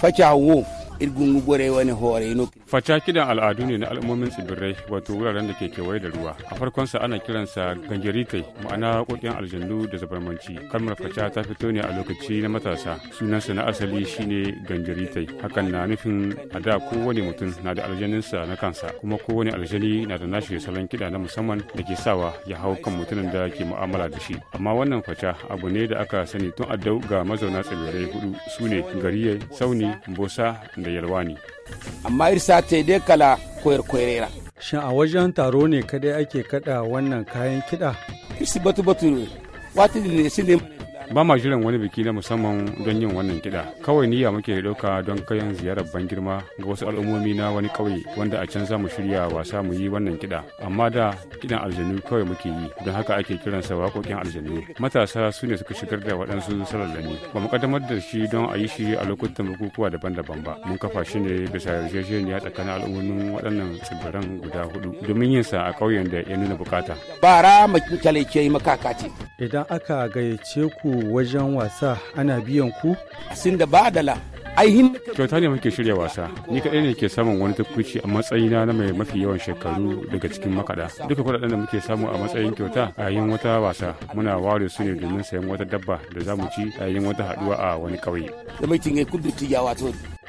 facawo irgungu wani hore no Faca kidan al'adu ne na al'ummomin tsibirai wato wuraren da ke kewaye da ruwa. A farkon sa ana kiransa gangeritai ma'ana kokin aljannu da zabarmanci. Kalmar faca ta fito ne a lokaci na matasa. Sunansa na asali shine gangaritai Hakan na nufin a da kowane mutum na da aljaninsa na kansa kuma kowane aljani na da nashi salon kiɗa na musamman da ke sawa ya hau kan mutumin da ke mu'amala da shi. Amma wannan faca abu ne da aka sani tun addau ga mazauna tsibirai hudu sune ne gariye, sauni, bosa da yalwani. amma irsa te dai kala koyar koyarera shin a wajen taro ne kadai ake kaɗa wannan kayan kiɗa irsi batu batu wata da ne ba ma jiran wani biki na musamman don yin wannan kiɗa kawai niyya muke ɗauka don kayan ziyarar ban girma ga wasu al'ummomi na wani ƙauye wanda a can za mu shirya wasa mu yi wannan kiɗa amma da kiɗan aljanu kawai muke yi don haka ake kiransa waƙoƙin aljanu matasa su ne suka shigar da waɗansu salalani. ba mu kaddamar da shi don a yi shi a lokutan bukukuwa daban-daban ba mun kafa shi ne bisa yarjejeniya tsakanin al'ummomin waɗannan tsibiran guda hudu domin yin sa a ƙauyen da ya nuna bukata. bara mu ke yi idan aka gayyace ku wajen wasa ana biyan ku? Sun da badala. kyauta ne muke shirya wasa ni kaɗai ne ke samun wani tafuci a matsayina na mai mafi yawan shekaru daga cikin makaɗa duka kuɗaɗen da muke samu a matsayin kyauta a yayin wata wasa muna ware su ne domin sayan wata dabba da za mu ci a yayin wata haɗuwa a wani ƙauye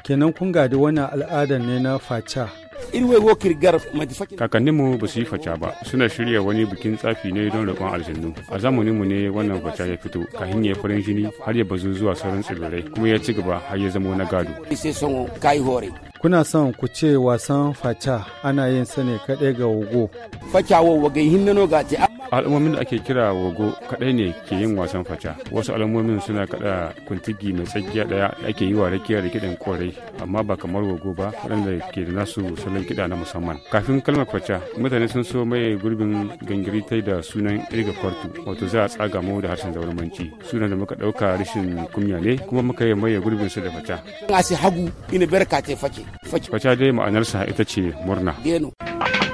kenan kun gadi wannan al'adar ne na faca mu ba su yi faca ba suna shirya wani bikin tsafi ne don roƙon aljannu a zamaninmu ne wannan faca ya fito ka ya farin jini har ya bazu zuwa sauran tsibirai kuma ya ci gaba har ya zama na gado Kuna son ku ce wasan faca ana yin sa ne ga wogo. Faca wogo ga hinnano ga ce. Al'ummomin da ake kira wogo kaɗai ne ke yin wasan faca. Wasu al'ummomin suna kaɗa kuntigi mai tsakiya ɗaya da ake yi wa rakiya da kiɗan korai amma ba kamar wogo ba waɗanda ke da nasu salon kiɗa na musamman. Kafin kalmar faca mutane sun so mai gurbin gangiritai da sunan irga kwartu wato za a tsaga mu da harshen zauramanci sunan da muka ɗauka rashin kunya ne kuma muka yi maye gurbin su da faca. Ina hagu ina barka ta fake. Kwacha dai ma'anarsa ita ce murna.